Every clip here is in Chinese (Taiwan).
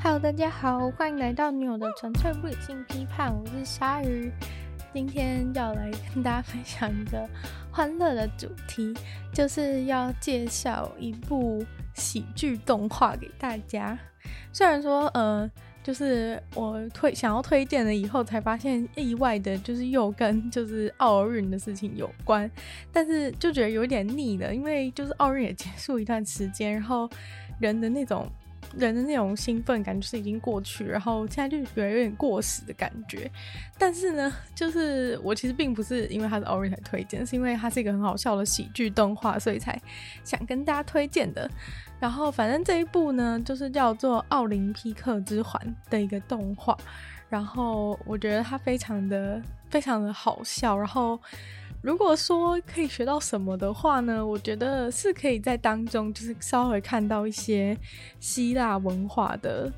哈嘍，Hello, 大家好，歡迎來到女友的純粹不理性批判。我是鯊魚，今天要來跟大家分享一個歡樂的主題，就是要介紹一部喜劇動畫給大家。雖然說，呃，就是我推想要推薦了以後，才發現意外的，就是又跟就是奧運的事情有關，但是就覺得有點膩了，因為就是奧運也結束一段時間，然後人的那種。人的那種興奮感就是已經過去，然後現在就覺得有點過時的感覺。但是呢，就是我其實並不是因為它是奧運才推薦，是因為它是一個很好笑的喜劇動畫，所以才想跟大家推薦的。然後反正這一部呢，就是叫做《奧林匹克之環》的一個動畫，然後我覺得它非常的非常的好笑，然後。如果說可以學到什麼的話呢？我覺得是可以在當中，就是稍微看到一些希臘文化的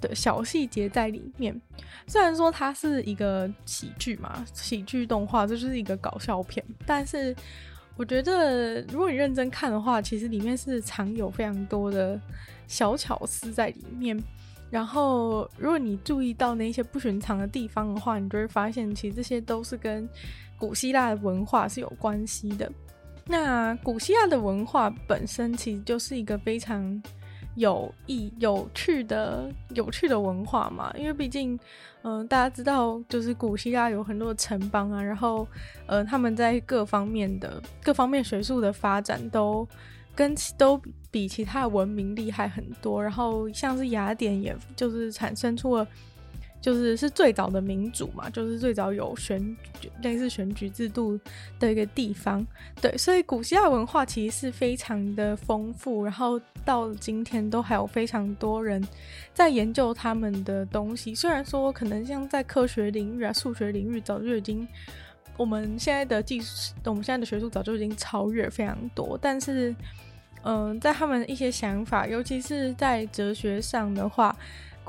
的小細節在裡面。雖然說它是一個喜劇嘛，喜劇動畫，這就是一個搞笑片。但是我覺得，如果你認真看的話，其實裡面是藏有非常多的小巧思在裡面。然後，如果你注意到那些不尋常的地方的話，你就會發現，其實這些都是跟古希臘文化是有關係的。那古希臘的文化本身其實就是一個非常有意、有趣的、有趣的文化嘛。因為畢竟，嗯、呃，大家知道，就是古希臘有很多的城邦啊，然後，呃，他們在各方面的、各方面學術的發展都跟都比其他文明厲害很多。然後，像是雅典，也就是產生出了。就是是最早的民主嘛，就是最早有選，類似選舉制度的一個地方，對，所以古希臘文化其實是非常的豐富，然後到今天都還有非常多人在研究他們的東西。雖然說可能像在科學領域啊、數學領域，早就已經我們現在的技術、我們現在的學術早就已經超越非常多，但是，嗯、呃，在他們一些想法，尤其是在哲學上的話。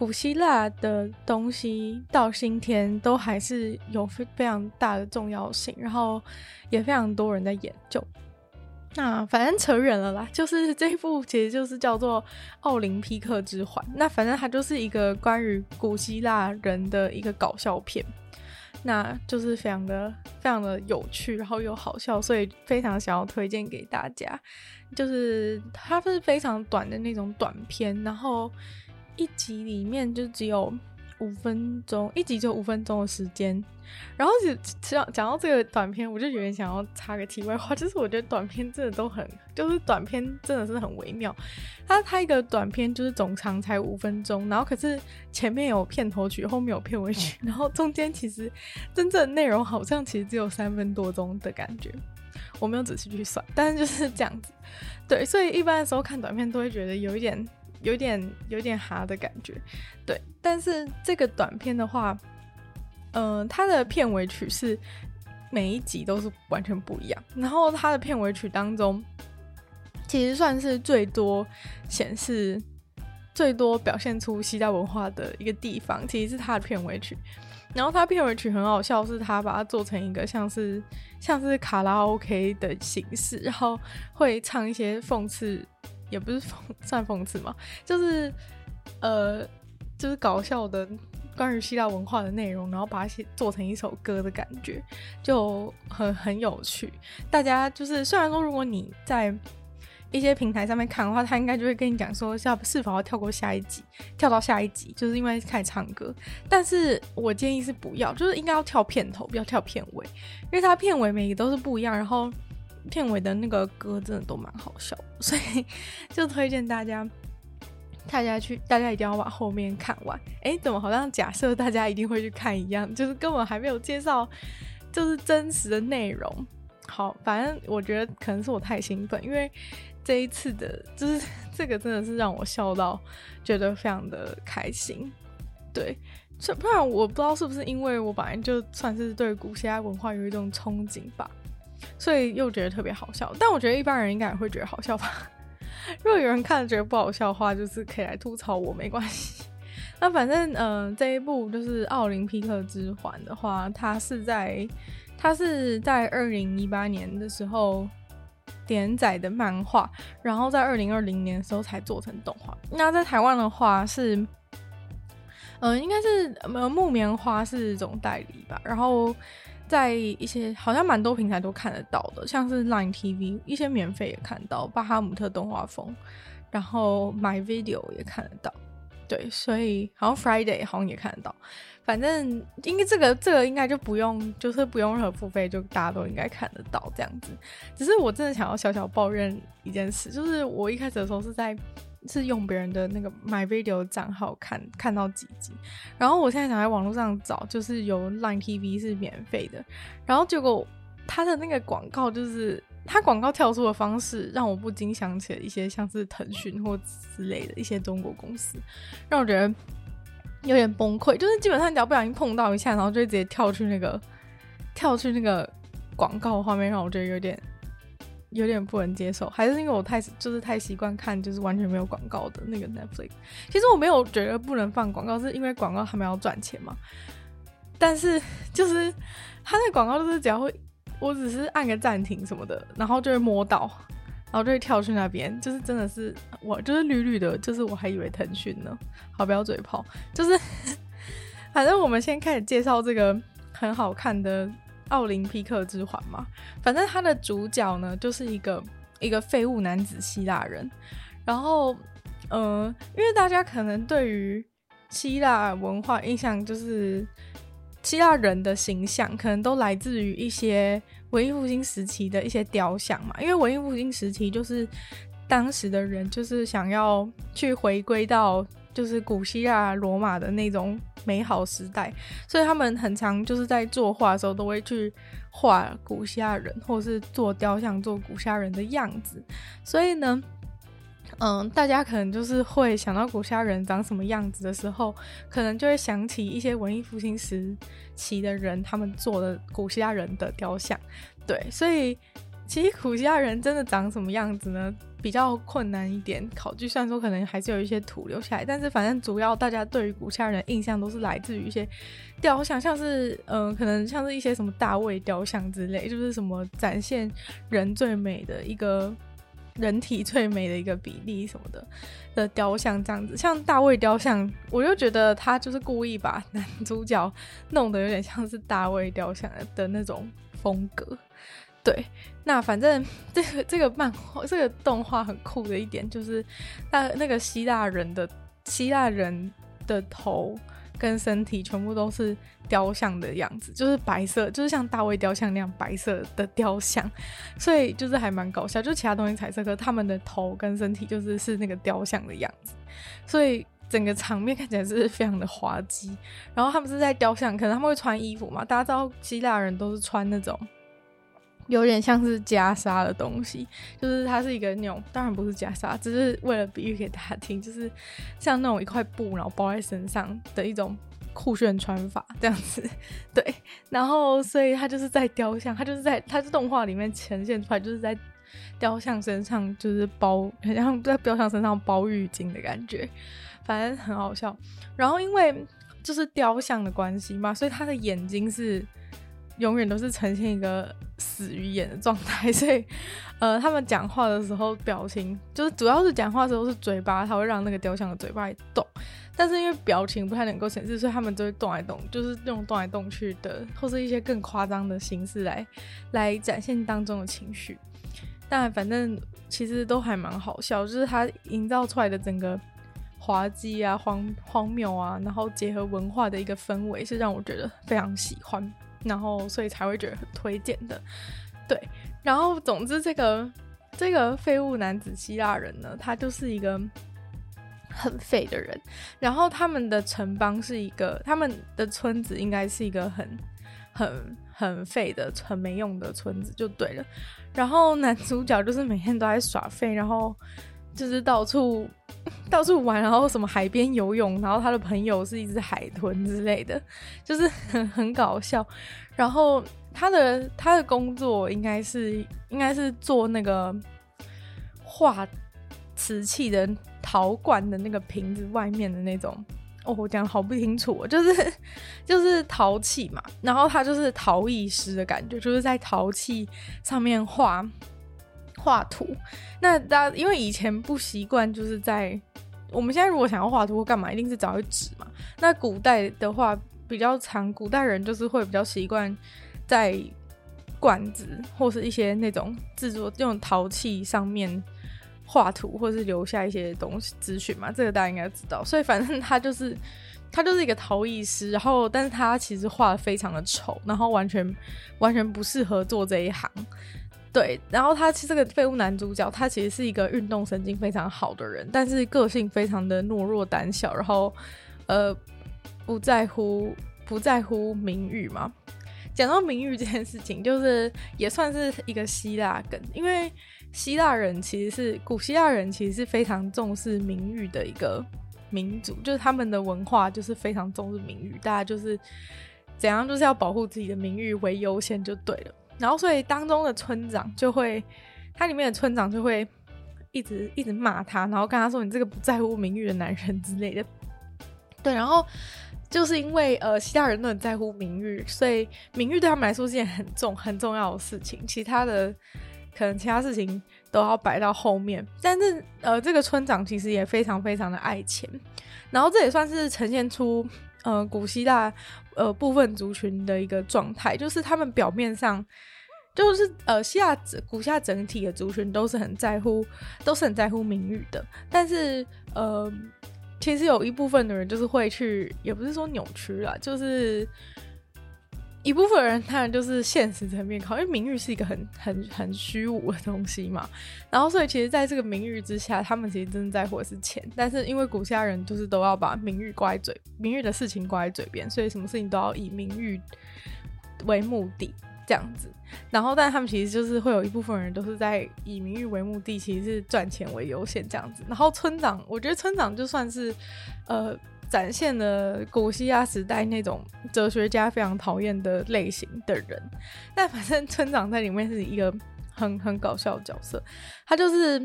古希臘的東西到今天都還是有非非常大的重要性，然後也非常多人在研究。那反正扯遠了啦，就是這一部其實就是叫做《奧林匹克之環》。那反正它就是一個關於古希臘人的一個搞笑片，那就是非常的非常的有趣，然後又好笑，所以非常想要推薦給大家。就是它就是非常短的那種短片，然後。一集裡面就只有五分鐘，一集就五分鐘的時間。然後講講到這個短片，我就有點想要插個題外話。就是我覺得短片真的都很，就是短片真的是很微妙。它它一個短片就是總長才五分鐘，然後可是前面有片頭曲，後面有片尾曲，然後中間其實真正的內容好像其實只有三分多鐘的感覺。我沒有仔細去算，但是就是這樣子。對，所以一般的時候看短片都會覺得有一點。有點有點哈的感覺，對。但是這個短片的話，嗯、呃，它的片尾曲是每一集都是完全不一樣。然後它的片尾曲當中，其實算是最多顯示、最多表現出希臘文化的一個地方，其實是它的片尾曲。然後它片尾曲很好笑，是它把它做成一個像是像是卡拉 OK 的形式，然後會唱一些諷刺。也不是諷，算諷刺嘛，就是，呃，就是搞笑我的關於希臘文化的內容，然後把它寫做成一首歌的感覺，就很很有趣。大家就是，雖然說如果你在一些平台上面看的話，他應該就會跟你講說，下是否要跳過下一集，跳到下一集，就是因為開始唱歌。但是我建議是不要，就是應該要跳片頭，不要跳片尾，因為它片尾每一個都是不一樣。然後。片尾的那個歌真的都蠻好笑，所以就推薦大家大家去，大家一定要把後面看完。哎、欸，怎麼好像假設大家一定會去看一樣？就是根本還沒有介紹，就是真實的內容。好，反正我覺得可能是我太興奮，因為這一次的，就是這個真的是讓我笑到覺得非常的開心。對，不然我不知道是不是因為我本來就算是對古希臘文化有一種憧憬吧。所以又覺得特別好笑，但我覺得一般人應該也會覺得好笑吧。如果有人看了覺得不好笑的話，就是可以來吐槽我，我沒關係。那反正呃這一部就是《奧林匹克之環》的話，它是在它是在二零一八年的時候連載的漫畫，然後在二零二零年的時候才做成動畫。那在台灣的話是，嗯、呃，應該是呃木棉花是總代理吧，然後。在一些好像蠻多平台都看得到的，像是 LINE TV 一些免費也看得到《巴哈姆特動畫瘋》，然後 My Video 也看得到，對，所以好像 Friday 好像也看得到，反正應該這個這個應該就不用，就是不用任何付費，就大家都應該看得到這樣子。只是我真的想要小小抱怨一件事，就是我一開始的時候是在。是用別人的那個 MyVideo 賬號看，看到幾集，然後我現在想在網絡上找，就是有 Line TV 是免費的，然後結果他的那個廣告就是他廣告跳出的方式，讓我不禁想起了一些像是騰訊或之類的一些中國公司，讓我覺得有點崩潰。就是基本上你只要不小心碰到一下，然後就會直接跳去那個，跳去那個廣告畫面，讓我覺得有點。有點不能接受，還是因為我太就是太習慣看就是完全沒有廣告的那個 Netflix。其實我沒有覺得不能放廣告，是因為廣告他們要賺錢嘛。但是就是他那廣告都是只要會，我只是按個暫停什麼的，然後就會摸到，然後就會跳去那邊，就是真的是我就是綠綠的，就是我還以為騰訊呢，好，不要嘴炮，就是反正我們先開始介紹這個很好看的。奧林匹克之環嘛，反正它的主角呢，就是一個一個廢物男子希臘人，然後呃，因為大家可能對於希臘文化印象，就是希臘人的形象，可能都來自於一些文藝復興時期的一些雕像嘛，因為文藝復興時期，就是當時的人就是想要去回歸到就是古希臘羅馬的那種。美好時代，所以他們很常就是在作畫的時候都會去畫古希臘人，或者是做雕像，做古希臘人的樣子。所以呢，嗯，大家可能就是會想到古希臘人長什麼樣子的時候，可能就會想起一些文藝復興時期的人，他們做的古希臘人的雕像。對，所以其實古希臘人真的長什麼樣子呢？比較困難一點，考據，雖然說可能還是有一些土留下來，但是反正主要大家對於古希臘人的印象都是來自於一些雕像，像是嗯、呃，可能像是一些什麼大衛雕像之類，就是什麼展現人最美的一個人體最美的一個比例什麼的的雕像這樣子。像大衛雕像，我就覺得他就是故意把男主角弄得有點像是大衛雕像的那種風格。對，那反正這個這個漫畫這個動畫很酷的一點就是，那那個希臘人的希臘人的頭跟身體全部都是雕像的樣子，就是白色，就是像大衛雕像那樣白色的雕像，所以就是還蠻搞笑。就其他東西彩色的，他們的頭跟身體就是是那個雕像的樣子，所以整個場面看起來是非常的滑稽。然後他們是在雕像，可能他們會穿衣服嘛？大家知道希臘人都是穿那種。有點像是袈裟的東西，就是它是一個那種，當然不是袈裟，只是為了比喻給大家聽，就是像那種一塊布，然後包在身上的一種酷炫穿法這樣子，對。然後，所以它就是在雕像，它就是在它這動畫裡面呈現出來，就是在雕像身上就是包，好像在雕像身上包浴巾的感覺，反正很好笑。然後因為就是雕像的關係嘛，所以他的眼睛是。永遠都是呈現一個死魚眼的狀態，所以，呃，他們講話的時候表情就是主要是講話的時候是嘴巴，它會讓那個雕像的嘴巴一動，但是因為表情不太能夠顯示，所以他們就會動來動，就是用動來動去的，或者一些更誇張的形式來來展現當中的情緒。但反正其實都還蠻好笑，就是它營造出來的整個滑稽啊、荒荒謬啊，然後結合文化的一個氛圍，是讓我覺得非常喜歡。然後，所以才會覺得很推薦的，對。然後，總之，這個這個廢物男子希臘人呢，他就是一個很廢的人。然後，他們的城邦是一個，他們的村子應該是一個很很很廢的、很沒用的村子，就對了。然後，男主角就是每天都在耍廢，然後。就是到處到處玩，然後什麼海邊游泳，然後他的朋友是一隻海豚之類的，就是很很搞笑。然後他的他的工作應該是應該是做那個畫瓷器的陶罐的那個瓶子外面的那種。哦，我講得好不清楚哦，就是就是陶器嘛。然後他就是陶藝師的感覺，就是在陶器上面畫。畫圖，那大家因為以前不習慣，就是在我們現在如果想要畫圖或幹嘛，一定是找一紙嘛。那古代的話比較常，古代人就是會比較習慣在罐子或是一些那種制作用陶器上面畫圖，或是留下一些東西資訊嘛。這個大家應該知道，所以反正他就是他就是一個陶藝師，然後但是他其實畫得非常的醜，然後完全完全不適合做這一行。對，然後他其實這個廢物男主角，他其實是一個運動神經非常好的人，但是個性非常的懦弱膽小，然後呃不在乎不在乎名譽嘛。講到名譽這件事情，就是也算是一個希臘梗，因為希臘人其實是古希臘人，其實是非常重視名譽的一個民族，就是他們的文化就是非常重視名譽，大家就是怎樣就是要保護自己的名譽為優先就對了。然後，所以當中的村長就會，他裡面的村長就會一直一直罵他，然後跟他說：“你這個不在乎名譽的男人之類的。”對，然後就是因為呃，其他人都很在乎名譽，所以名譽對他們來說是件很重很重要的事情，其他的可能其他事情都要擺到後面。但是呃，這個村長其實也非常非常的愛錢，然後這也算是呈現出。呃，古希臘呃部分族群的一個狀態，就是他們表面上就是呃希臘古希臘整體的族群都是很在乎，都是很在乎名譽的，但是呃，其實有一部分的人就是會去，也不是說扭曲了，就是。一部分人他們就是現實層面考，因為名譽是一個很很很虛無的東西嘛。然後，所以其實在這個名譽之下，他們其實真的在乎的是錢。但是因為古希臘人都是都要把名譽掛在嘴，名譽的事情掛在嘴邊，所以什麼事情都要以名譽為目的這樣子。然後，但他們其實就是會有一部分人都是在以名譽為目的，其實是賺錢為優先這樣子。然後村長，我覺得村長就算是呃。展現了古希臘時代那種哲學家非常討厭的類型的人，但反正村長在裡面是一個很很搞笑的角色。他就是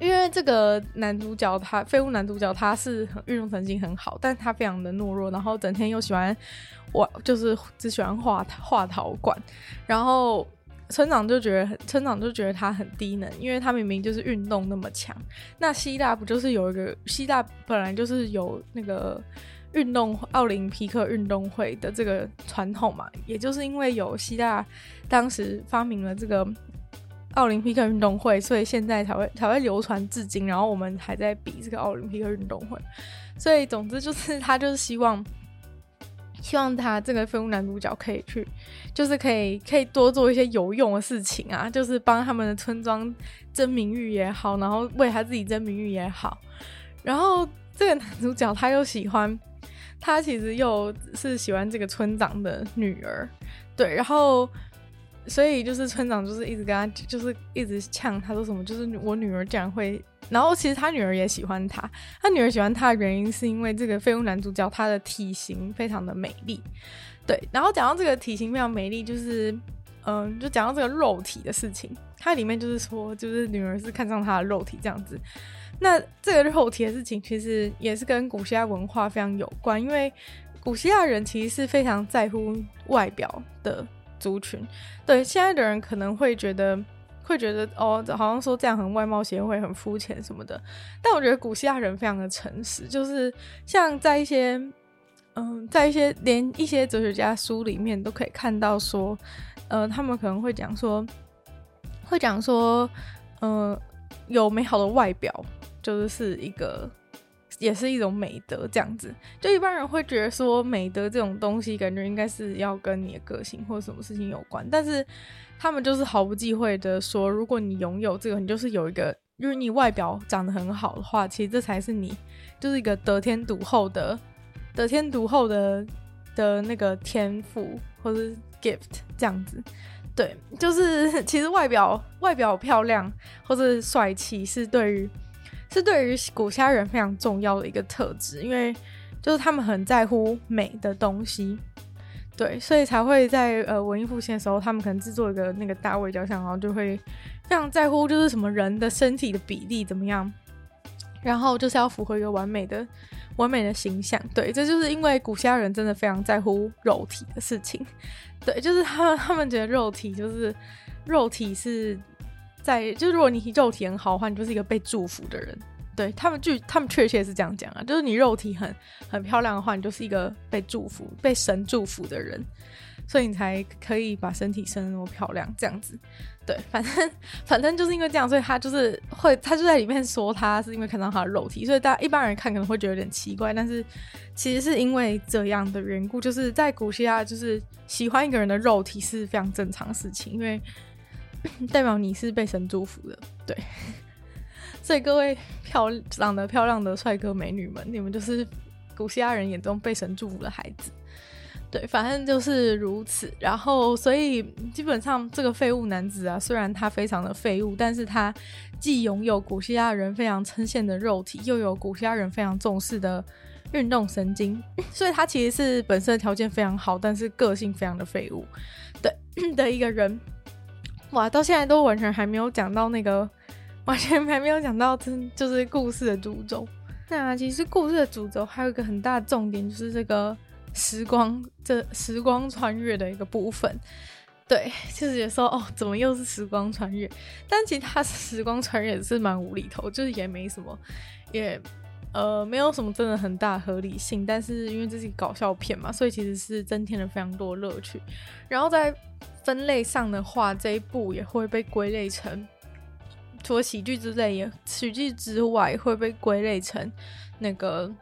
因為這個男主角，他廢物男主角，他是運動成績很好，但是他非常的懦弱，然後整天又喜歡我，就是只喜歡畫畫陶罐，然後。村長就覺得，村長就覺得他很低能，因為他明明就是運動那麼強。那希臘不就是有一個，希臘本來就是有那個運動，奧林匹克運動會的這個傳統嘛。也就是因為有希臘當時發明了這個奧林匹克運動會，所以現在才會，才會流傳至今。然後我們還在比這個奧林匹克運動會，所以總之就是他就是希望。希望他這個廢物男主角可以去，就是可以可以多做一些有用的事情啊，就是幫他們的村莊爭名譽也好，然後為他自己爭名譽也好。然後這個男主角他又喜歡，他其實又是喜歡這個村長的女兒，對，然後所以就是村長就是一直跟他就是一直嗆他說什麼，就是我女兒竟然會。然後其實他女兒也喜歡他，他女兒喜歡他的原因是因為這個廢物男主角他的體型非常的美麗，對。然後講到這個體型非常美麗，就是，嗯、呃，就講到這個肉體的事情，它裡面就是說，就是女兒是看上他的肉體這樣子。那這個肉體的事情其實也是跟古希臘文化非常有關，因為古希臘人其實是非常在乎外表的族群。對，現在的人可能會覺得。會覺得哦，好像說這樣很外貌協會很膚淺什麼的，但我覺得古希臘人非常的誠實，就是像在一些嗯、呃，在一些連一些哲學家書裡面都可以看到說，呃，他們可能會講說，會講說，嗯、呃，有美好的外表就是是一個，也是一種美德這樣子。就一般人會覺得說，美德這種東西感覺應該是要跟你的個性或者什麼事情有關，但是。他們就是毫不忌諱的說，如果你擁有這個，你就是有一個，如果你外表長得很好的話，其實這才是你，就是一個得天獨厚的、得天獨厚的的那個天賦或是 gift 這樣子。對，就是其實外表、外表漂亮或是帥氣是對於是對於古蝦人非常重要的一個特質，因為就是他們很在乎美的東西。對，所以才會在呃、文藝復興的時候，他們可能製作一個那個大衛雕像，然後就會非常在乎就是什麼人的身體的比例怎麼樣，然後就是要符合一個完美的完美的形象。對，這就是因為古希臘人真的非常在乎肉體的事情。對，就是他們他們覺得肉體就是肉體是在，就如果你肉體很好的話，話你就是一個被祝福的人。對他們，就他們確切是這樣講啊，就是你肉體很很漂亮的話，你就是一個被祝福、被神祝福的人，所以你才可以把身體生得那麼漂亮這樣子。對，反正反正就是因為這樣，所以他就是會，他就在裡面說，他是因為看到他的肉體，所以大家一般人看可能會覺得有點奇怪，但是其實是因為這樣的緣故，就是在古希臘，就是喜歡一個人的肉體是非常正常的事情，因為代表你是被神祝福的，對。所以各位漂亮長得漂亮的帥哥美女們，你們就是古希臘人眼中被神祝福的孩子。對，反正就是如此。然後，所以基本上這個廢物男子啊，雖然他非常的廢物，但是他既擁有古希臘人非常稱羨的肉體，又有古希臘人非常重視的運動神經。所以他其實是本身的條件非常好，但是個性非常的廢物。對的一個人，哇，到現在都完全還沒有講到那個。完全 還沒有講到，真就是故事的主軸。對啊，其實故事的主軸還有一個很大的重點，就是這個時光，這時光穿越的一個部分。對，就是也說哦，怎麼又是時光穿越？但其實它時光穿越是蠻無厘頭，就是也沒什麼，也呃沒有什麼真的很大的合理性。但是因為這是一個搞笑片嘛，所以其實是增添了非常多樂趣。然後在分類上的話，這一部也會被歸類成。說喜劇之類也，喜劇之外會被歸類成那個，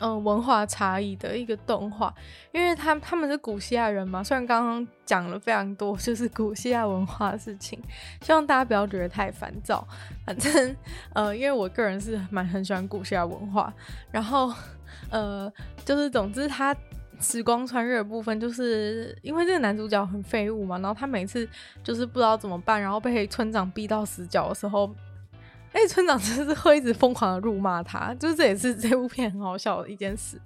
嗯、呃，文化差異的一個動畫，因為他他們是古希臘人嘛。雖然剛剛講了非常多，就是古希臘文化的事情，希望大家不要覺得太煩躁。反正，呃，因為我個人是蠻很喜歡古希臘文化，然後，呃，就是總之他。時光穿越的部分，就是因為這個男主角很廢物嘛，然後他每次就是不知道怎麼辦，然後被村長逼到死角的時候，哎，村長真是會一直瘋狂的辱罵他，就是這也是這部片很好笑的一件事。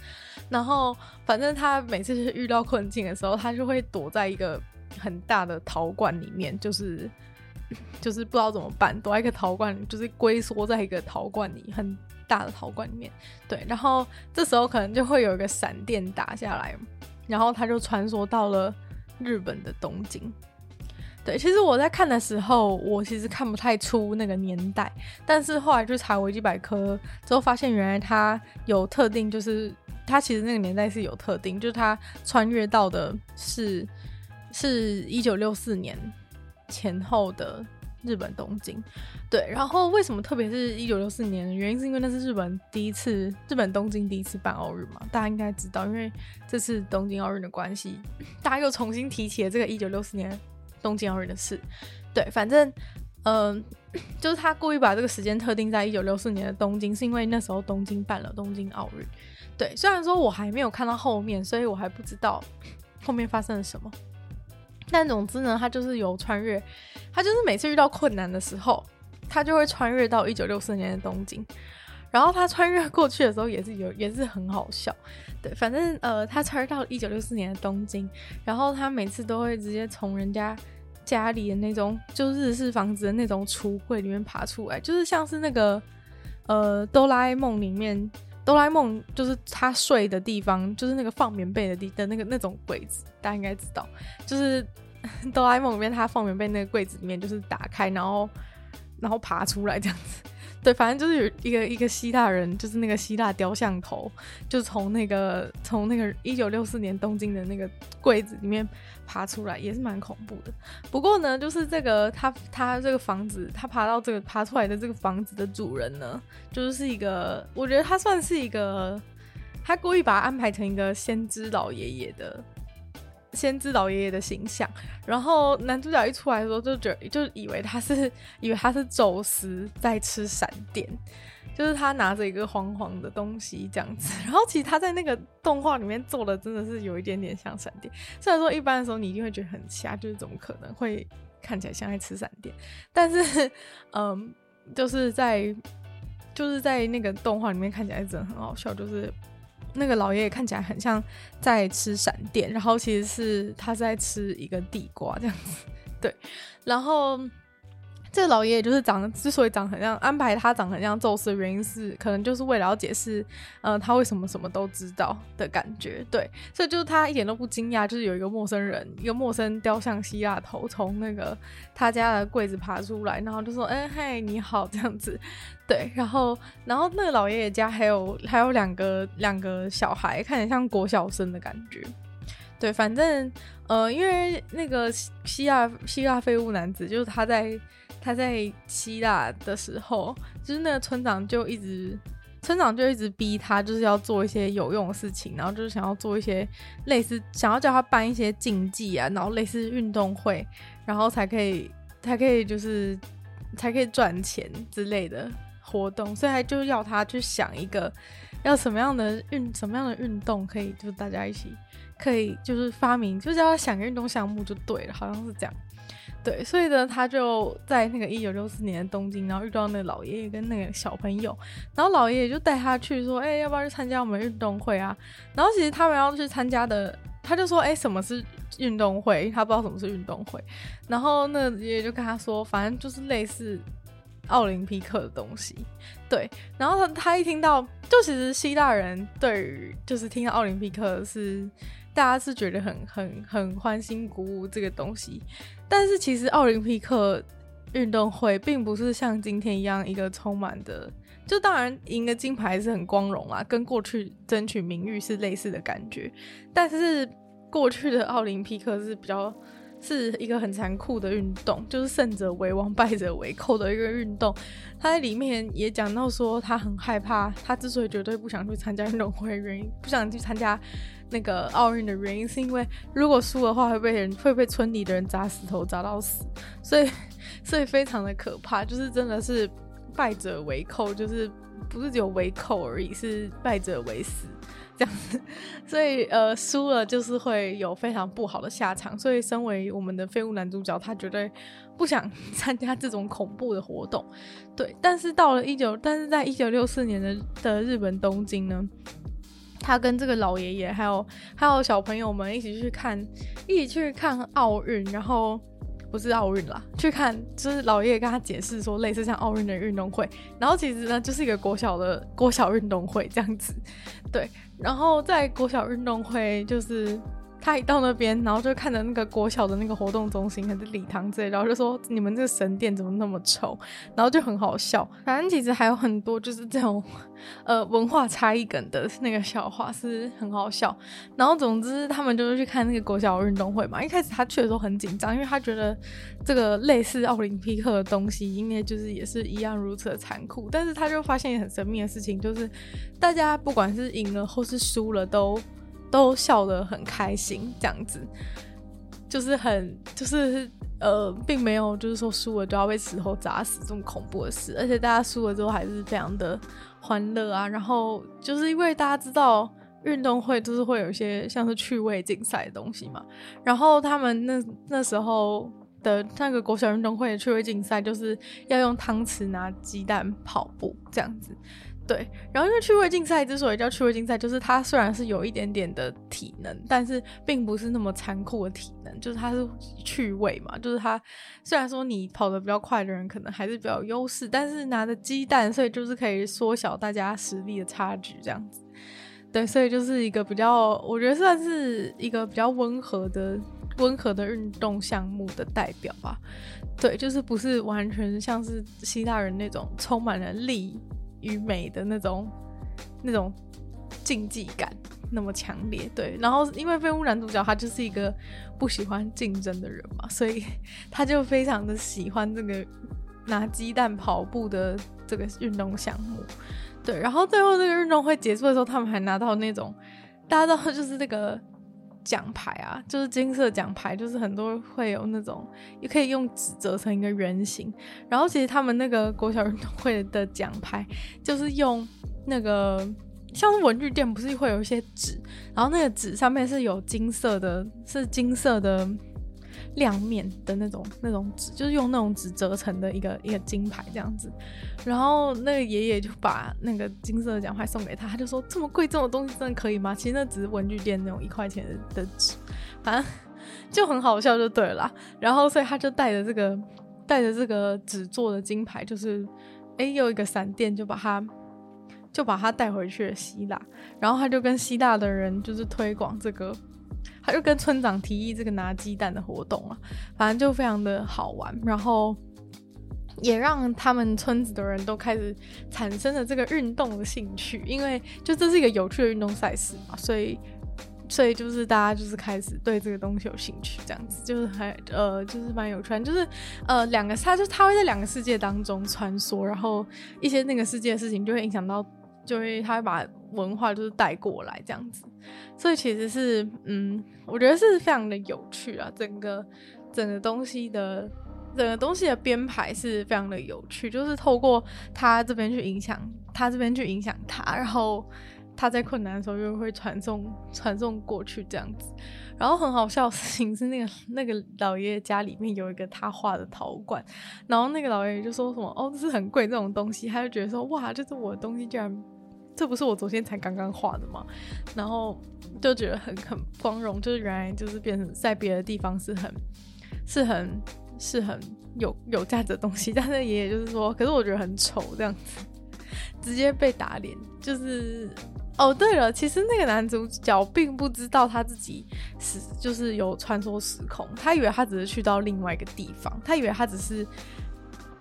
然後，反正他每次就是遇到困境的時候，他就會躲在一個很大的陶罐裡面，就是就是不知道怎麼辦，躲在一個陶罐，就是龜縮在一個陶罐裡，很大的陶罐裡面，對，然後這時候可能就會有一個閃電打下來，然後他就穿梭到了日本的東京。對，其實我在看的時候，我其實看不太出那個年代，但是後來去查維基百科之後，發現原來他有特定，就是他其實那個年代是有特定，就是他穿越到的是是一九六四年前後的。日本東京，對，然後為什麼特別是一九六四年？原因是因為那是日本第一次，日本東京第一次辦奧運嘛，大家應該知道，因為這次東京奧運的關係，大家又重新提起了這個一九六四年東京奧運的事。對，反正，嗯、呃，就是他故意把這個時間特定在一九六四年的東京，是因為那時候東京辦了東京奧運。對，雖然說我還沒有看到後面，所以我還不知道後面發生了什麼。但總之呢，他就是有穿越，他就是每次遇到困難的時候，他就會穿越到一九六四年的東京，然後他穿越過去的時候也是有也是很好笑，對，反正呃，他穿越到一九六四年的東京，然後他每次都會直接從人家家裡的那種就是、日式房子的那種櫥櫃裡面爬出來，就是像是那個呃哆啦 A 夢裡面。哆啦 A 夢就是他睡的地方，就是那個放棉被的地的那個那種櫃子，大家應該知道，就是哆啦 A 夢裡面他放棉被那個櫃子裡面，就是打開，然後然後爬出來這樣子。對，反正就是有一個一個希臘人，就是那個希臘雕像頭，就從那個從那個一九六四年東京的那個櫃子裡面爬出來，也是蠻恐怖的。不過呢，就是這個他他這個房子，他爬到這個爬出來的這個房子的主人呢，就是是一個，我覺得他算是一個，他故意把他安排成一個先知老爺爺的。先知老爺爺的形象，然後男主角一出來的時候，就覺得就以為他是以為他是宙斯在吃閃電，就是他拿着一個黃黃的東西這樣子。然後其實他在那個動畫裡面做的真的是有一點點像閃電。雖然說一般的時候你一定會覺得很瞎，就是怎麼可能會看起來像在吃閃電，但是嗯，就是在就是在那個動畫裡面看起來真的很好笑，就是。那個老爺爺看起來很像在吃閃電，然後其實是他在吃一個地瓜這樣子，對，然後。這個老爺爺就是長，之所以長很像安排他長很像宙斯的原因是，可能就是為了要解釋，呃、他為什麼什麼都知道的感覺，對，所以就是他一點都不驚訝，就是有一個陌生人，一個陌生雕像希臘頭從那個他家的櫃子爬出來，然後就說：“哎、欸、嗨，你好。”這樣子，對，然後，然後那個老爺爺家還有還有兩個兩個小孩，看起來像國小生的感覺，對，反正，呃，因為那個希臘希臘廢物男子就是他在。他在希臘的時候，就是那個村長就一直，村長就一直逼他，就是要做一些有用的事情，然後就是想要做一些類似，想要叫他辦一些競技啊，然後類似運動會，然後才可以，才可以就是，才可以賺錢之類的活動，所以就就要他去想一個，要什麼樣的運，什麼樣的運動可以，就是大家一起，可以就是發明，就是要想一個運動項目就對了，好像是這樣。對，所以呢，他就在那個一九六四年的東京，然後遇到那個老爺爺跟那個小朋友，然後老爺爺就帶他去說，哎，要不要去參加我們運動會啊？然後其實他們要去參加的，他就說，哎，什麼是運動會？他不知道什麼是運動會。然後那個爺爺就跟他說，反正就是類似奧林匹克的東西。對，然後他他一聽到，就其實希臘人對於就是聽到奧林匹克是。大家是覺得很很很歡欣鼓舞這個東西，但是其實奧林匹克運動會並不是像今天一樣一個充滿的，就當然贏個金牌是很光榮啊，跟過去爭取名譽是類似的感覺。但是過去的奧林匹克是比較是一個很殘酷的運動，就是勝者為王敗者為寇的一個運動。他在裡面也講到說，他很害怕，他之所以絕對不想去參加運動會的原因，不想去參加，那個奧運的原因是因為如果輸的話，會被人會被村裡的人砸石頭砸到死，所以所以非常的可怕，就是真的是敗者為寇，就是不是只有為寇而已，是敗者為死這樣子，所以呃輸了就是會有非常不好的下場，所以身為我們的廢物男主角，他絕對不想參加這種恐怖的活動，對，但是到了一九，但是在一九六四年的的日本東京呢，他跟這個老爺爺，還有還有小朋友們一起去看，一起去看奧運，然後不是奧運啦，去看就是老爺爺跟他解釋說，類似像奧運的運動會，然後其實呢就是一個國小的國小運動會這樣子，對，然後在國小運動會就是。他一到那邊，然後就看着那個國小的那個活動中心還是禮堂之類的，然後就說：“你們這個神殿怎麼那麼醜？”然後就很好笑。反正其實還有很多就是這種呃文化差異梗的那個笑話是很好笑。然後總之他們就是去看那個國小運動會嘛。一開始他去的時候很緊張，因為他覺得這個類似奧林匹克的東西應該就是也是一樣如此的殘酷。但是他就發現很神秘的事情，就是大家不管是贏了或是輸了都。都笑得很開心，這樣子，就是很，就是呃，並沒有就是說輸了，就要被石頭砸死這種恐怖的事，而且大家輸了之後還是非常的歡樂啊。然後就是因為大家知道運動會就是會有一些像是趣味競賽的東西嘛，然後他們那那時候的那個國小運動會的趣味競賽就是要用湯匙拿雞蛋跑步，這樣子。對，然後因為趣味競賽之所以叫趣味競賽，就是它雖然是有一點點的體能，但是並不是那麼殘酷的體能，就是它是趣味嘛，就是它雖然說你跑得比較快的人可能還是比較有優勢，但是拿着雞蛋，所以就是可以縮小大家實力的差距，這樣子。對，所以就是一個比較，我覺得算是一個比較溫和的、溫和的運動項目的代表吧。對，就是不是完全像是希臘人那種充滿了力。與美的那種、那種競技感那麼強烈，對。然後因為廢物男主角他就是一個不喜歡競爭的人嘛，所以他就非常的喜歡這個拿雞蛋跑步的這個運動項目，對。然後最後這個運動會結束的時候，他們還拿到那種，大家都知道就是這個。獎牌啊，就是金色獎牌，就是很多會有那種，也可以用紙折成一個圓形。然後其實他們那個國小運動會的獎牌，就是用那個像是文具店不是會有一些紙，然後那個紙上面是有金色的，是金色的。亮面的那種那種紙，就是用那種紙折成的一個一個金牌這樣子，然後那個爺爺就把那個金色的獎牌送給他，他就說，這麼貴重的東西真的可以嗎？其實那只是文具店那種一塊錢的紙，反正、啊、就很好笑就對了。然後所以他就帶着這個帶着這個紙做的金牌，就是哎又一個閃電就把他就把它帶回去了希臘，然後他就跟希臘的人就是推廣這個。就跟村長提議這個拿雞蛋的活動啊，反正就非常的好玩，然後也讓他們村子的人都開始產生了這個運動的興趣，因為就這是一個有趣的運動賽事嘛，所以所以就是大家就是開始對這個東西有興趣，這樣子就是還呃就是蠻有趣的，就是呃兩個他就他會在兩個世界當中穿梭，然後一些那個世界的事情就會影響到，就會他會把。文化就是帶過來這樣子，所以其實是，嗯，我覺得是非常的有趣啊。整個整個東西的整個東西的編排是非常的有趣，就是透過他這邊去影響他這邊去影響他，然後他在困難的時候又會傳送傳送過去這樣子。然後很好笑的事情是，那個，那個那個老爺爺家裡面有一個他畫的陶罐，然後那個老爺爺就說什麼：“哦，這是很貴這種東西。”他就覺得說：“哇，這、就是我的東西，居然。”這不是我昨天才剛剛畫的嗎？然後就覺得很很光榮，就是原來就是變成在別的地方是很是很是很有有價值的東西。但是爺爺就是說，可是我覺得很醜，這樣子直接被打臉。就是哦，對了，其實那個男主角並不知道他自己是，就是有穿梭時空，他以為他只是去到另外一個地方，他以為他只是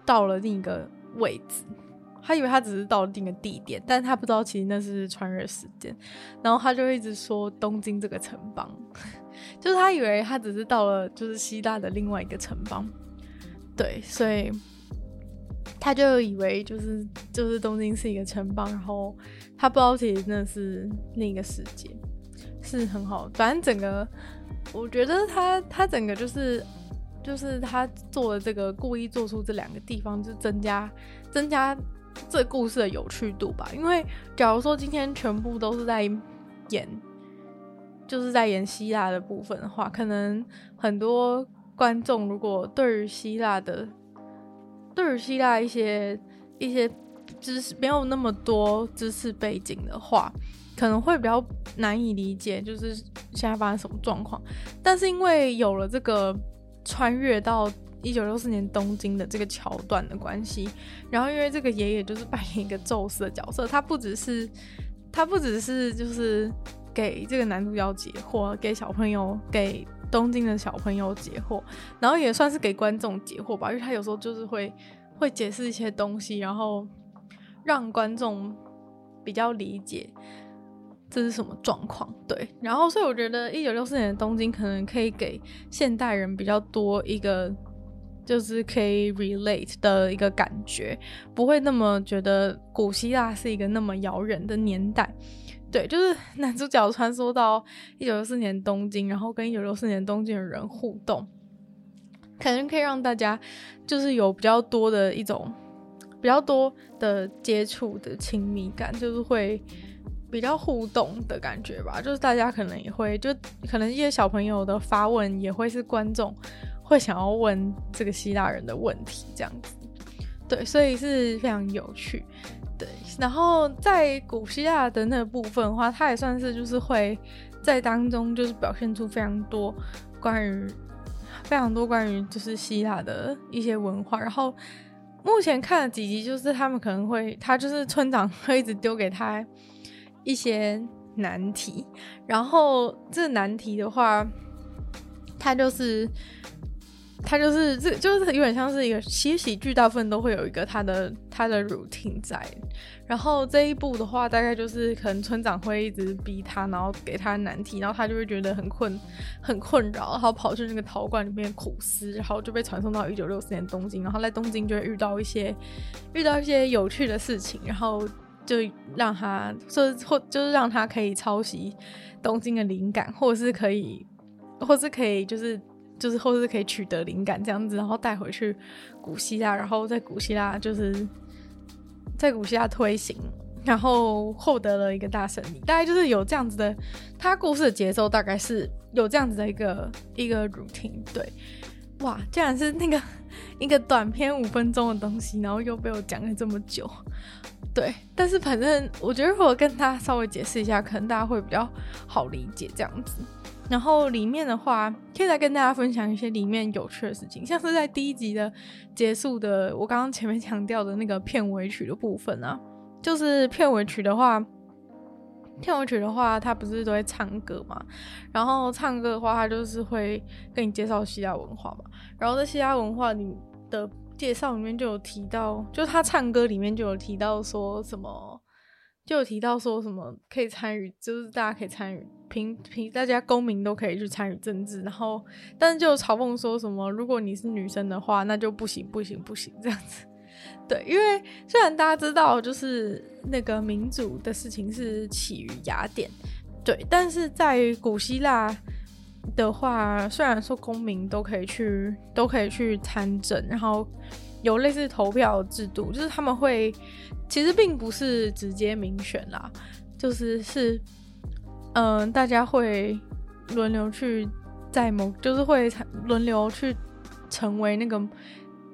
到了另一個位置。他以為他只是到了定個地點，但是他不知道其實那是穿越時間，然後他就一直說東京這個城邦， 就是他以為他只是到了就是希臘的另外一個城邦，對，所以他就以為就是就是東京是一個城邦，然後他不知道其實那是另一個世界，是很好，反正整個我覺得他他整個就是就是他做了這個故意做出這兩個地方，就增加增加。這故事的有趣度吧，因為假如說今天全部都是在演，就是在演希臘的部分的話，可能很多觀眾如果對於希臘的、對於希臘一些一些知識沒有那麼多知識背景的話，可能會比較難以理解，就是現在發生什麼狀況。但是因為有了這個穿越到。一九六四年東京的這個橋段的關係，然後因為這個爺爺就是扮演一個宙斯的角色，他不只是他不只是就是給這個男主角解惑，給小朋友，給東京的小朋友解惑，然後也算是給觀眾解惑吧，因為他有時候就是會會解釋一些東西，然後讓觀眾比較理解這是什麼狀況。對，然後所以我覺得一九六四年的東京可能可以給現代人比較多一個就是可以 relate 的一個感覺，不會那麼覺得古希臘是一個那麼遙遠的年代。對，就是男主角穿梭到一九六四年東京，然後跟一九六四年東京的人互動，可能可以讓大家就是有比較多的一種比較多的接觸的親密感，就是會比較互動的感覺吧。就是大家可能也會，就可能一些小朋友的發問也會是觀眾，會想要問這個希臘人的問題，這樣子，對，所以是非常有趣。對，然後在古希臘的那部分的話，他也算是就是會在當中就是表現出非常多關於非常多關於就是希臘的一些文化。然後目前看了幾集，就是他們可能會他就是村長會一直丟給他一些難題，然後這難題的話，他就是。他就是這，就是有點像是一個其實喜劇大部分都會有一個他的他的 routine 在。然後這一步的話，大概就是可能村長會一直逼他，然後給他難題，然後他就會覺得很困很困擾，然後跑去那個陶罐裡面苦思，然後就被傳送到一九六四年東京，然後在東京就會遇到一些遇到一些有趣的事情，然後就讓他說或就是讓他可以抄襲東京的靈感，或是可以或是可以就是。就是後世可以取得靈感這樣子，然後帶回去古希臘，然後在古希臘就是在古希臘推行，然後獲得了一個大勝利。大概就是有這樣子的，他故事的節奏大概是有這樣子的一個一個 routine 對，哇，竟然是那個一個短篇五分鐘的東西，然後又被我講了這麼久。對，但是反正我覺得如果跟他稍微解釋一下，可能大家會比較好理解這樣子。然後裡面的話，可以再跟大家分享一些裡面有趣的事情，像是在第一集的結束的，我剛剛前面強調的那個片尾曲的部分啊，就是片尾曲的話，片尾曲的話，他不是都會唱歌嘛？然後唱歌的話，他就是會跟你介紹希臘文化嘛？然後在希臘文化裡的介紹裡面就有提到，就是他唱歌裡面就有提到說什麼？就有提到說什麼可以參與，就是大家可以參與，平平大家公民都可以去參與政治。然後，但是就有嘲諷說什麼，如果你是女生的話，那就不行不行不行這樣子。對，因為雖然大家知道就是那個民主的事情是起於雅典，對，但是在古希臘的話，雖然說公民都可以去都可以去參政，然後。有類似投票制度，就是他們會，其實並不是直接民選啦，就是是，嗯、呃，大家會輪流去在某，就是會輪流去成為那個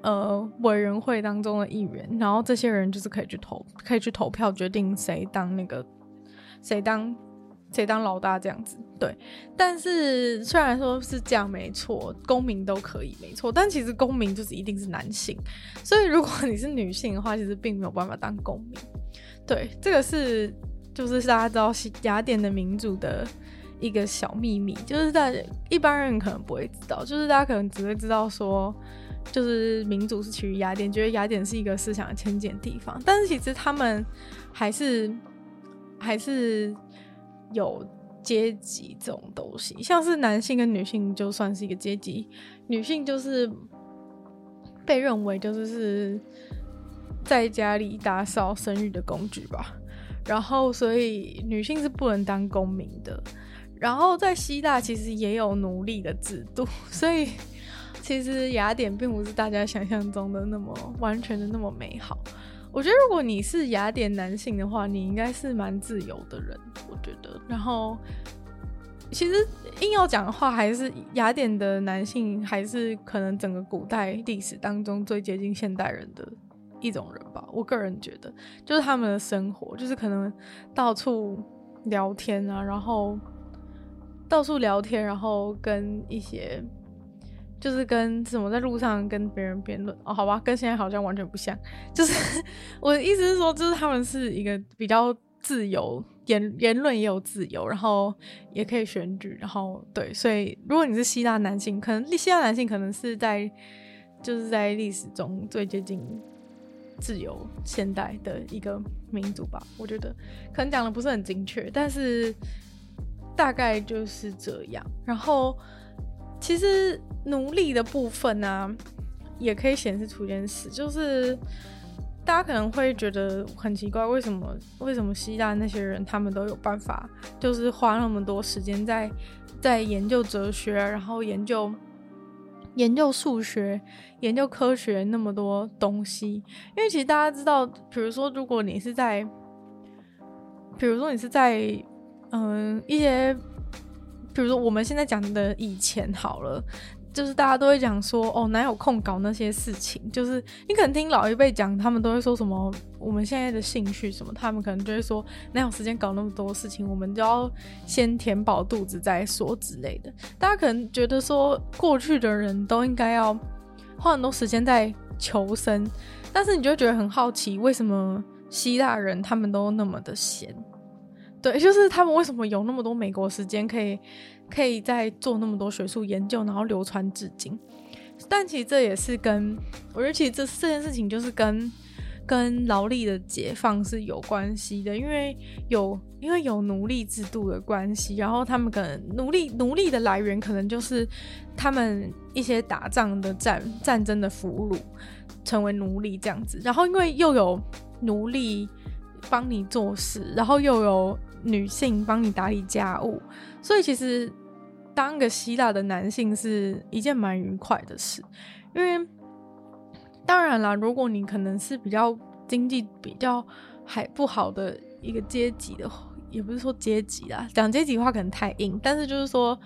呃委員會當中的一員，然後這些人就是可以去投，可以去投票決定誰當那個誰當。誰當老大這樣子？對，但是雖然說是這樣沒錯，公民都可以沒錯，但其實公民就是一定是男性，所以如果你是女性的話，其實並沒有辦法當公民。對，這個是就是大家知道雅典的民主的一個小祕密，就是在一般人可能不會知道，就是大家可能只會知道說，就是民主是起於雅典，覺得雅典是一個思想的前鑑地方，但是其實他們還是還是。有階級這種東西，像是男性跟女性就算是一個階級，女性就是被認為就是在家裡打掃生育的工具吧，然後所以女性是不能當公民的。然後在希臘其實也有奴隸的制度，所以其實雅典並不是大家想象中的那麼完全的那麼美好。我覺得，如果你是雅典男性的話，你應該是蠻自由的人。我覺得，然後其實硬要講的話，還是雅典的男性，還是可能整個古代歷史當中最接近現代人的一種人吧。我個人覺得，就是他們的生活，就是可能到處聊天啊，然後到處聊天，然後跟一些。就是跟什麼在路上跟別人辯論哦，好吧，跟現在好像完全不像。就是我的意思是說，就是他們是一個比較自由，言言論也有自由，然後也可以選舉，然後對，所以如果你是希臘男性，可能希臘男性可能是在就是在歷史中最接近自由現代的一個民族吧。我覺得可能講的不是很精確，但是大概就是這樣。然後。其實奴隸的部分呢、啊，也可以顯示出一件事，就是大家可能會覺得很奇怪為什麼，為什麼為什麼希臘那些人他們都有辦法，就是花那麼多時間在在研究哲學，然後研究研究數學、研究科學那麼多東西？因為其實大家知道，比如說如果你是在，比如說你是在，嗯，一些。比如說我們現在講的以前好了，就是大家都會講說哦，哪有空搞那些事情，就是你可能聽老一輩講，他們都會說什麼我們現在的興趣什麼，他們可能就會說哪有時間搞那麼多事情，我們就要先填飽肚子再說之類的。大家可能覺得說過去的人都應該要花很多時間在求生，但是你就會覺得很好奇，為什麼希臘人他們都那麼的閒？對，就是他們為什麼有那麼多美國時間可以，可以再做那麼多學術研究，然後流傳至今。但其實這也是跟，我覺得其實這這件事情就是跟跟勞力的解放是有關係的，因為有因為有奴隸制度的關係，然後他們可能奴隸奴隸的來源可能就是他們一些打仗的戰戰爭的俘虜成為奴隸這樣子，然後因為又有奴隸幫你做事，然後又有。女性幫你打理家務，所以其實當個希臘的男性是一件蠻愉快的事，因為當然啦，如果你可能是比較經濟比較還不好的一個階級的，也不是說階級啦，講階級的話可能太硬，但是就是說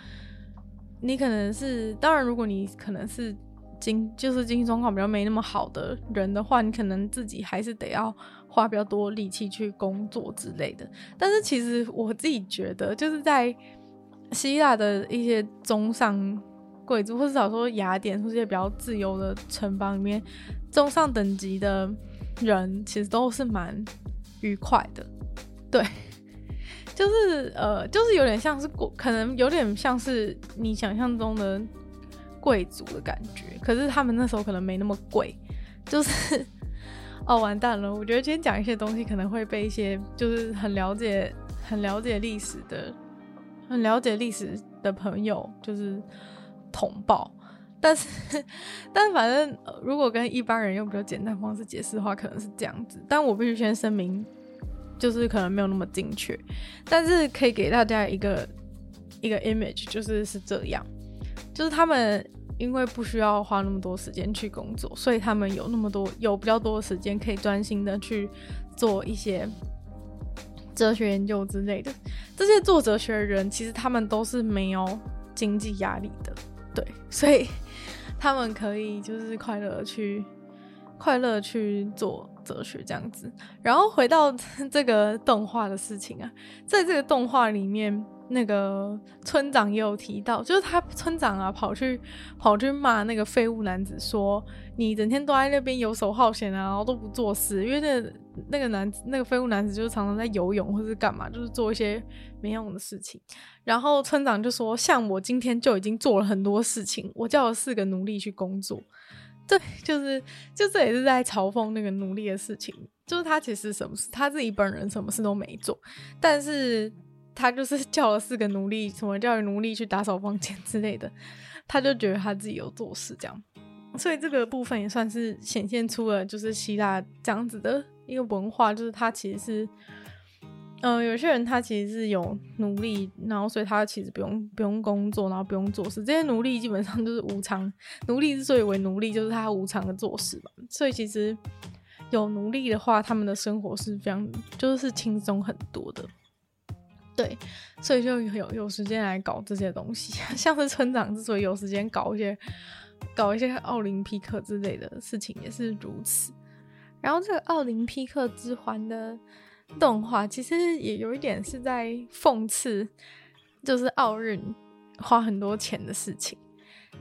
你可能是，當然如果你可能是經就是經濟狀況比較沒那麼好的人的話，你可能自己還是得要，花比較多力氣去工作之類的，但是其實我自己覺得，就是在希臘的一些中上貴族，或至少說雅典這些比較自由的城邦裡面，中上等級的人其實都是蠻愉快的。對，就是呃，就是有點像是可能有點像是你想象中的貴族的感覺，可是他們那時候可能沒那麼貴，就是。哦，完蛋了！我覺得今天講一些東西可能會被一些就是很了解、很了解歷史的、很了解歷史的朋友就是捅爆。但是，但是反正如果跟一般人用比較簡單方式解釋的話，可能是這樣子。但我必須先聲明，就是可能沒有那麼精確，但是可以給大家一個一個 image，就是是這樣，就是他們。因為不需要花那麼多時間去工作，所以他們有那麼多有比較多的時間可以專心的去做一些哲學研究之類的。這些做哲學的人，其實他們都是沒有經濟壓力的，對，所以他們可以就是快樂去快樂去做哲學這樣子。然後回到這個動畫的事情啊，在這個動畫裡面。那個村長也有提到，就是他村長啊，跑去跑去罵那個廢物男子說，說你整天都在那邊游手好閒啊，然後都不做事。因為那那個男，那個廢物男子就常常在游泳或是幹嘛，就是做一些沒用的事情。然後村長就說：“像我今天就已經做了很多事情，我叫了四個奴隸去工作。”對，就是就這也是在嘲諷那個奴隸的事情，就是他其實什麼事他自己本人什麼事都沒做，但是。他就是叫了四個奴隸，什麼叫奴隸去打掃房間之類的，他就覺得他自己有做事這樣，所以這個部分也算是顯現出了就是希臘這樣子的一個文化，就是他其實是，嗯，有些人他其實是有奴隸，然後所以他其實不用不用工作，然後不用做事，這些奴隸基本上就是無償。奴隸之所以為奴隸，就是他無償的做事吧，所以其實有奴隸的話，他們的生活是非常就是輕鬆很多的。對，所以就有有時間來搞這些東西，像是村長之所以有時間搞一些搞一些奧林匹克之類的事情也是如此。然後這個奧林匹克之環的動畫其實也有一點是在諷刺，就是奧運花很多錢的事情。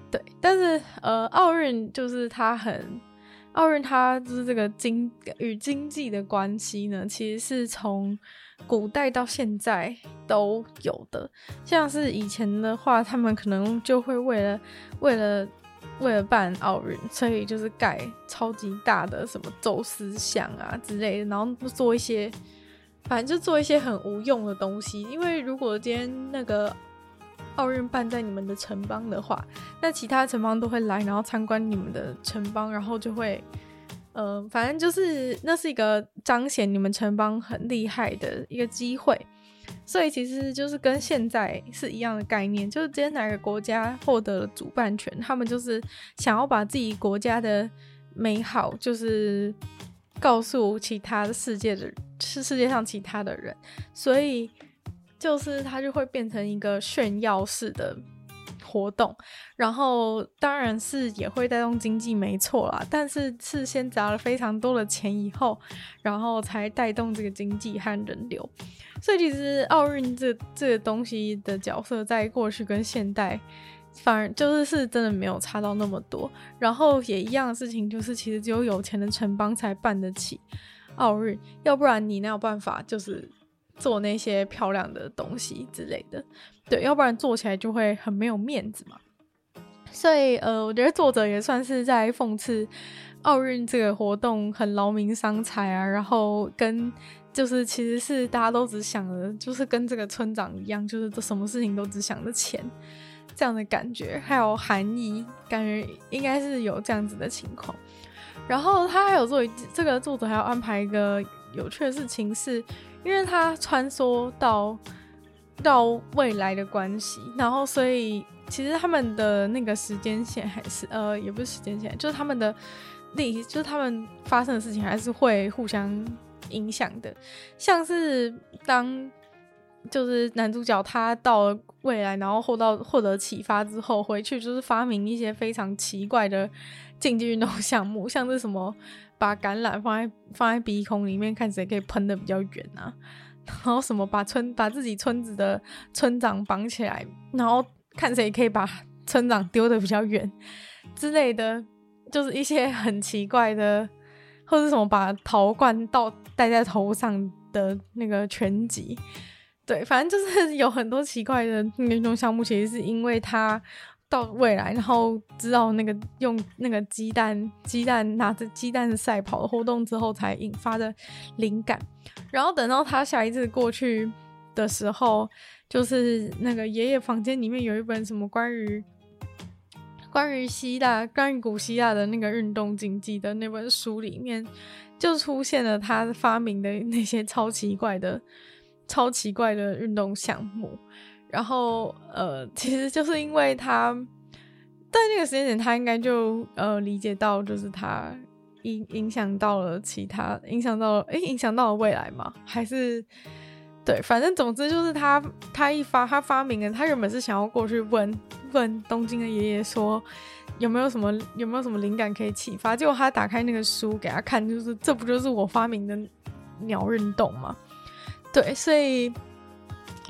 對，但是呃，奧運就是他很。奧運它就是這個經與經濟的關係呢，其實是從古代到現在都有的。像是以前的話，他們可能就會為了為了為了辦奧運，所以就是蓋超級大的什麼宙斯像啊之類的，然後做一些反正就做一些很無用的東西。因為如果今天那個。奧運辦在你們的城邦的話，那其他城邦都會來，然後參觀你們的城邦，然後就會，嗯、呃，反正就是那是一個彰顯你們城邦很厲害的一個機會。所以其實就是跟現在是一樣的概念，就是今天哪個國家獲得了主辦權，他們就是想要把自己國家的美好，就是告訴其他世界的，是世界上其他的人，所以。就是它就會變成一個炫耀式的活動，然後當然是也會帶動經濟，沒錯啦。但是是先砸了非常多的錢以後，然後才帶動這個經濟和人流。所以其實奧運這這個東西的角色，在過去跟現代，反而就是是真的沒有差到那麼多。然後也一樣的事情，就是其實只有有錢的城邦才辦得起奧運，要不然你哪有辦法就是。做那些漂亮的東西之類的，對，要不然做起來就會很沒有面子嘛。所以呃，我覺得作者也算是在諷刺奧運這個活動很勞民傷財啊。然後跟就是其實是大家都只想着，就是跟這個村長一樣，就是都什麼事情都只想着錢這樣的感覺，還有含義，感覺應該是有這樣子的情況。然後他還有做這個作者還要安排一個有趣的事情是。因為他穿梭到到未來的關係，然後所以其實他們的那個時間線還是呃，也不是時間線，就是他們的歷，就是他們發生的事情還是會互相影響的。像是當就是男主角他到了未來，然後獲到獲得啟發之後回去，就是發明一些非常奇怪的競技運動項目，像是什麼。把橄欖放在放在鼻孔裡面，看誰可以噴得比較遠啊！然後什麼把村把自己村子的村長綁起來，然後看誰可以把村長丟得比較遠之類的，就是一些很奇怪的，或者什麼把陶罐倒戴在頭上的那個全集，對，反正就是有很多奇怪的那種項目，其實是因為他。到未來，然後知道那個用那個雞蛋、雞蛋拿着雞蛋賽跑的賽跑活動之後，才引發的靈感。然後等到他下一次過去的時候，就是那個爺爺房間裡面有一本什麼關於關於希臘、關於古希臘的那個運動競技的那本書裡面，就出現了他發明的那些超奇怪的、超奇怪的運動項目。然後，呃，其實就是因為他在那個時間點，他應該就呃理解到，就是他影影響到了其他，影響到了，誒、欸，影響到了未來嘛，還是對，反正總之就是他，他一發，他發明的，他原本是想要過去問問東京的爺爺說，有沒有什麼，有沒有什麼靈感可以啟發。結果他打開那個書給他看，就是這不就是我發明的鳥運動嗎？對，所以。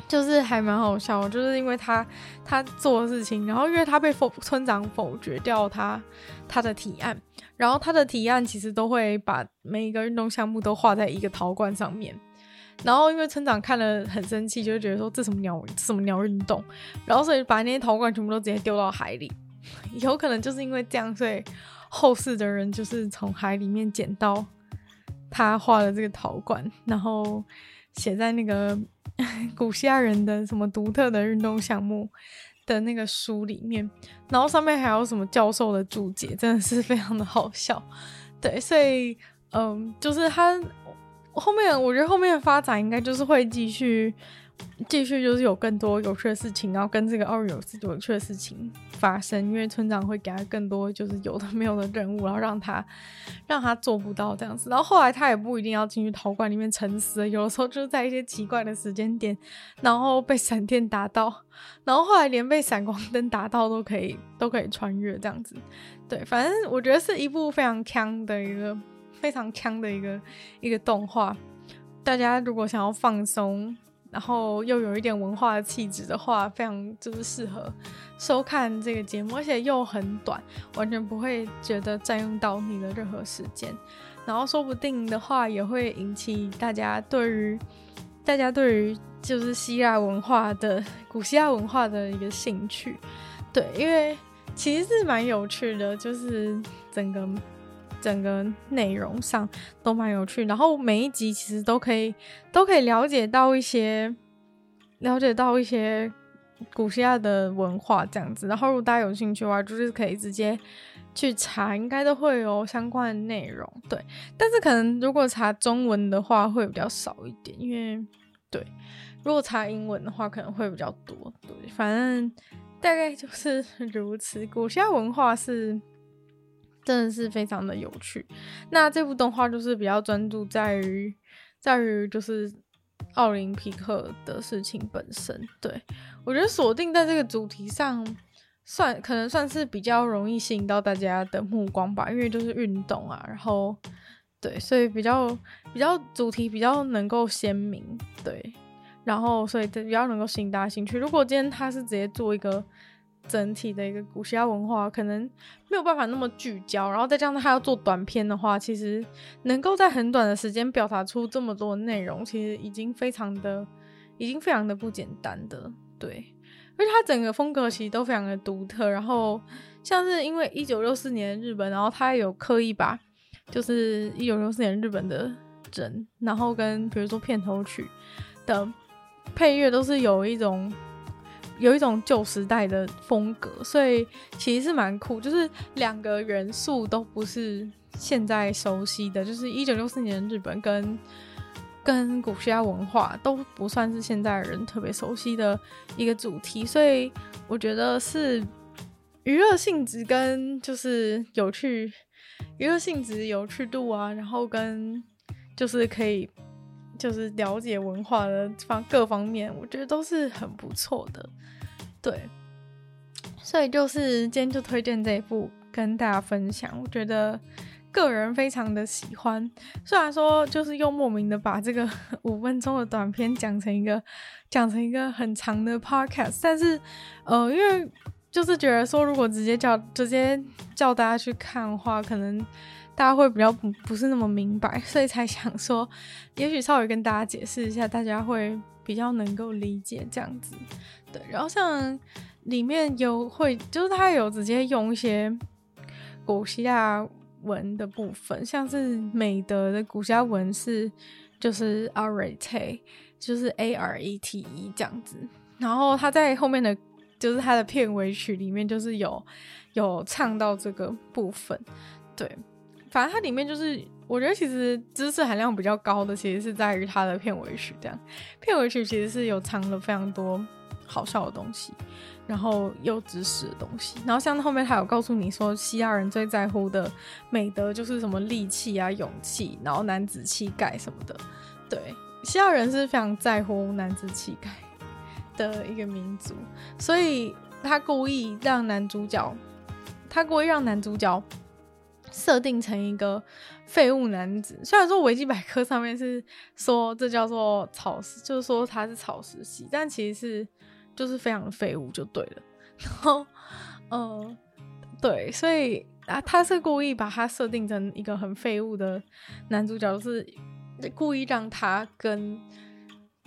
就是還蠻好笑，就是因為他他做的事情，然後因為他被否村長否決掉他他的提案，然後他的提案其實都會把每一個運動項目都畫在一個陶罐上面，然後因為村長看了很生氣，就會覺得說這什麼鳥，這什麼鳥運動，然後所以把那些陶罐全部都直接丟到海裡，有可能就是因為這樣，所以後世的人就是從海裡面撿到他畫的這個陶罐，然後。寫在那個古希臘人的什麼獨特的運動項目的那個書裡面，然後上面還有什麼教授的注解，真的是非常的好笑。對，所以嗯，就是他後面，我覺得後面的發展應該就是會繼續。繼續就是有更多有趣的事情，然後跟這個奧瑞爾斯有趣的事情發生，因為村長會給他更多就是有的沒有的任務，然後讓他讓他做不到，這樣子。然後後來他也不一定要進去陶罐裡面沉思，有的時候就是在一些奇怪的時間點，然後被閃電打到，然後後來連被閃光燈打到都可以都可以穿越這樣子。對，反正我覺得是一部非常鏘的一個非常鏘的一個一個動畫。大家如果想要放鬆，然後又有一點文化氣質的話，非常就是適合收看這個節目，而且又很短，完全不會覺得占用到你的任何時間。然後說不定的話，也會引起大家對於大家對於就是希臘文化的古希臘文化的一個興趣。對，因為其實是蠻有趣的，就是整個。整個內容上都蠻有趣，然後每一集其實都可以都可以了解到一些了解到一些古希臘的文化這樣子。然後如果大家有興趣的話，就是可以直接去查，應該都會有相關的內容。對，但是可能如果查中文的話會比較少一點，因為對，如果查英文的話可能會比較多。對，反正大概就是如此。古希臘文化是。真的是非常的有趣。那這部動畫就是比較專注在於，在於就是奧林匹克的事情本身。對，我覺得鎖定在這個主題上算，算可能算是比較容易吸引到大家的目光吧，因為就是運動啊，然後對，所以比較比較主題比較能夠鮮明，對，然後所以比較能夠吸引大家興趣。如果今天他是直接做一個整體的一個古希臘文化可能沒有辦法那麼聚焦，然後再加上他要做短片的話，其實能夠在很短的時間表達出這麼多內容，其實已經非常的，已經非常的不簡單的，對。而且他整個風格其實都非常的獨特，然後像是因為一九六四年日本，然後他也有刻意把就是一九六四年日本的整，然後跟比如說片頭曲的配樂都是有一種。有一種舊時代的風格，所以其實是蠻酷。就是兩個元素都不是現在熟悉的，就是一九六四年日本跟跟古希臘文化都不算是現在人特別熟悉的一個主題，所以我覺得是娛樂性質跟就是有趣，娛樂性質有趣度啊，然後跟就是可以。就是了解文化的方，各方面，我覺得都是很不錯的，對。所以就是今天就推薦這一部跟大家分享，我覺得個人非常的喜歡。雖然說就是又莫名的把這個五分鐘的短片講成一個講成一個很長的 podcast，但是呃，因為就是覺得說如果直接叫直接叫大家去看的話，可能。大家會比較不，不是那麼明白，所以才想說，也許稍微跟大家解釋一下，大家會比較能夠理解這樣子。對，然後像裡面有會，就是他有直接用一些古希臘文的部分，像是美德的古希臘文是就是 Arete，就是 A R E T E 這樣子。然後他在後面的，就是他的片尾曲裡面，就是有有唱到這個部分，對。反正它裡面就是，我覺得其實知識含量比較高的，其實是在於它的片尾曲。這樣，片尾曲其實是有藏了非常多好笑的東西，然後又知識的東西。然後像後面他有告訴你說，希臘人最在乎的美德就是什麼力氣啊、勇氣，然後男子氣概什麼的。對，希臘人是非常在乎男子氣概的一個民族，所以他故意讓男主角，他故意讓男主角。設定成一個廢物男子，雖然說維基百科上面是說這叫做草食，就是說他是草食系，但其實是就是非常的廢物就對了。然後，嗯、呃，對，所以啊，他是故意把他設定成一個很廢物的男主角，就是故意讓他跟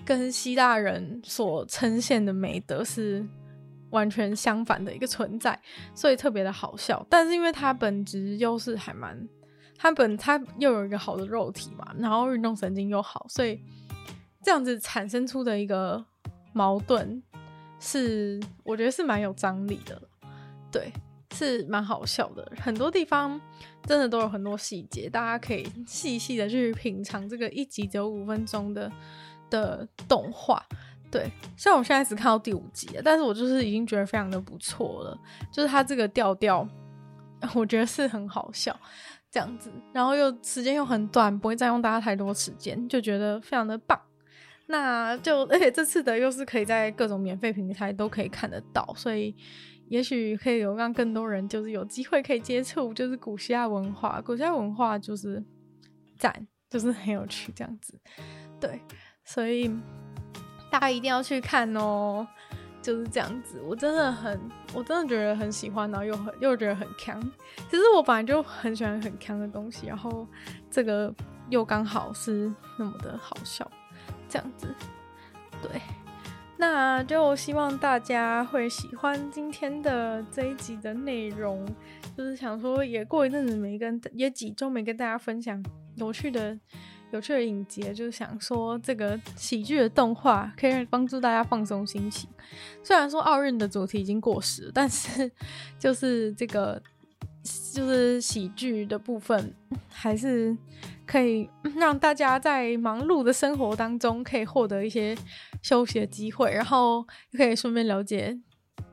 跟希臘人所呈現的美德是。完全相反的一個存在，所以特別的好笑。但是因為它本質優勢還蠻，它本它又有一個好的肉體嘛，然後運動神經又好，所以這樣子產生出的一個矛盾是，是我覺得是蠻有張力的，對，是蠻好笑的。很多地方真的都有很多細節，大家可以細細的去品嘗這個一集只有五分鐘的的動畫。對，雖然我現在只看到第五集了，但是我就是已經覺得非常的不錯了。就是它這個調調，我覺得是很好笑這樣子，然後又時間又很短，不會佔用大家太多時間，就覺得非常的棒。那就而且這次的又是可以在各種免費平台都可以看得到，所以也許可以有讓更多人就是有機會可以接觸，就是古希臘文化，古希臘文化就是讚，就是很有趣這樣子。對，所以。大家一定要去看哦，就是這樣子。我真的很，我真的覺得很喜歡，然後又很又覺得很強。其實我本來就很喜歡很強的東西，然後這個又剛好是那麼的好笑，這樣子。對，那就希望大家會喜歡今天的這一集的內容。就是想說，也過一陣子沒跟也幾周沒跟大家分享有趣的。有趣的影集，就是想說，這個喜劇的動畫可以讓幫助大家放鬆心情。雖然說奧運的主題已經過時了，但是就是這個就是喜劇的部分，還是可以讓大家在忙碌的生活當中可以獲得一些休息的機會，然後可以順便了解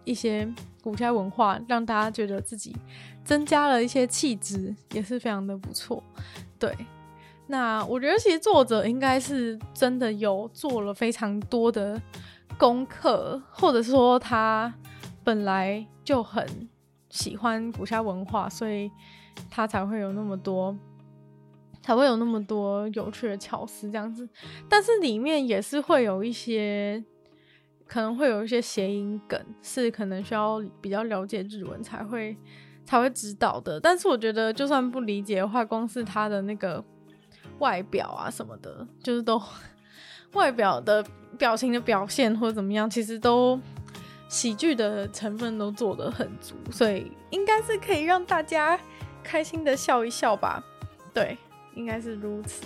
一些古希臘文化，讓大家覺得自己增加了一些氣質，也是非常的不錯，對。那我覺得，其實作者應該是真的有做了非常多的功課，或者是說他本來就很喜歡古希臘文化，所以他才會有那麼多，才會有那麼多有趣的巧思這樣子。但是裡面也是會有一些，可能會有一些諧音梗，是可能需要比較了解日文才會才會知道的。但是我覺得，就算不理解的話，光是他的那個。外表啊什麼的，就是都，外表的表情的表現或者怎麼樣，其實都喜劇的成分都做得很足，所以應該是可以讓大家開心的笑一笑吧。對，應該是如此。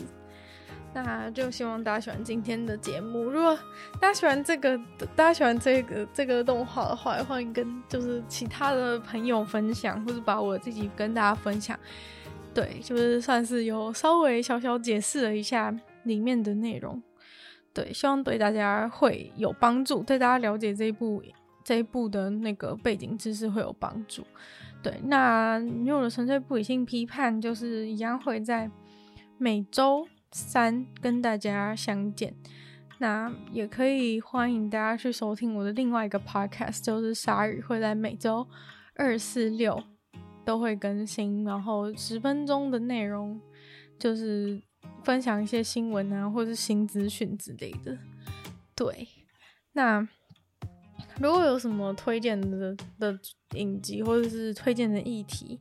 那就希望大家喜歡今天的節目。如果大家喜歡這個，大家喜歡這個這個動畫的話，也歡迎跟就是其他的朋友分享，或者把我自己跟大家分享。對，就是算是有稍微小小解釋了一下裡面的內容。對，希望對大家會有幫助，對大家了解這一部這一部的那個背景知識會有幫助。對，那我的純粹不理性批判就是一樣會在每週三跟大家相見。那也可以歡迎大家去收聽我的另外一個 podcast，就是鯊魚會在每週二、四、六。都會更新，然後十分鐘的內容就是分享一些新聞啊，或者是新資訊之類的。對，那如果有什麼推薦的的影集或者是推薦的議題，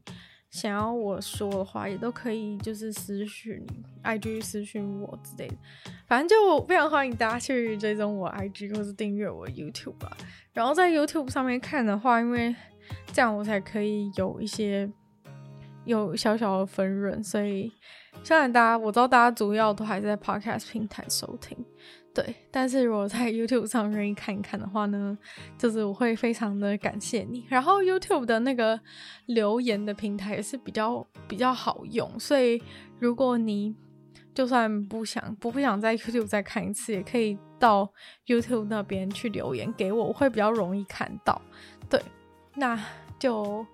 想要我說的話，也都可以就是私訊 IG 私訊我之類的。反正就非常歡迎大家去追蹤我 IG，或者是訂閱我 YouTube 吧。然後在 YouTube 上面看的話，因為。這樣我才可以有一些有小小的分潤，所以雖然大家我知道大家主要都還是在 Podcast 平台收聽，對，但是如果在 YouTube 上願意看一看的話呢，就是我會非常的感謝你。然後 YouTube 的那個留言的平台也是比較比較好用，所以如果你就算不想不不想在 YouTube 再看一次，也可以到 YouTube 那邊去留言給我，我會比較容易看到。那就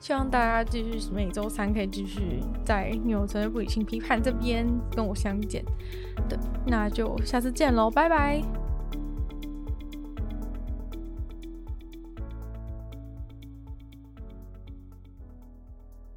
希望大家繼續每周三可以繼續在《紐崔萊不理性批判》這邊跟我相見。對，那就下次見嘍，拜拜。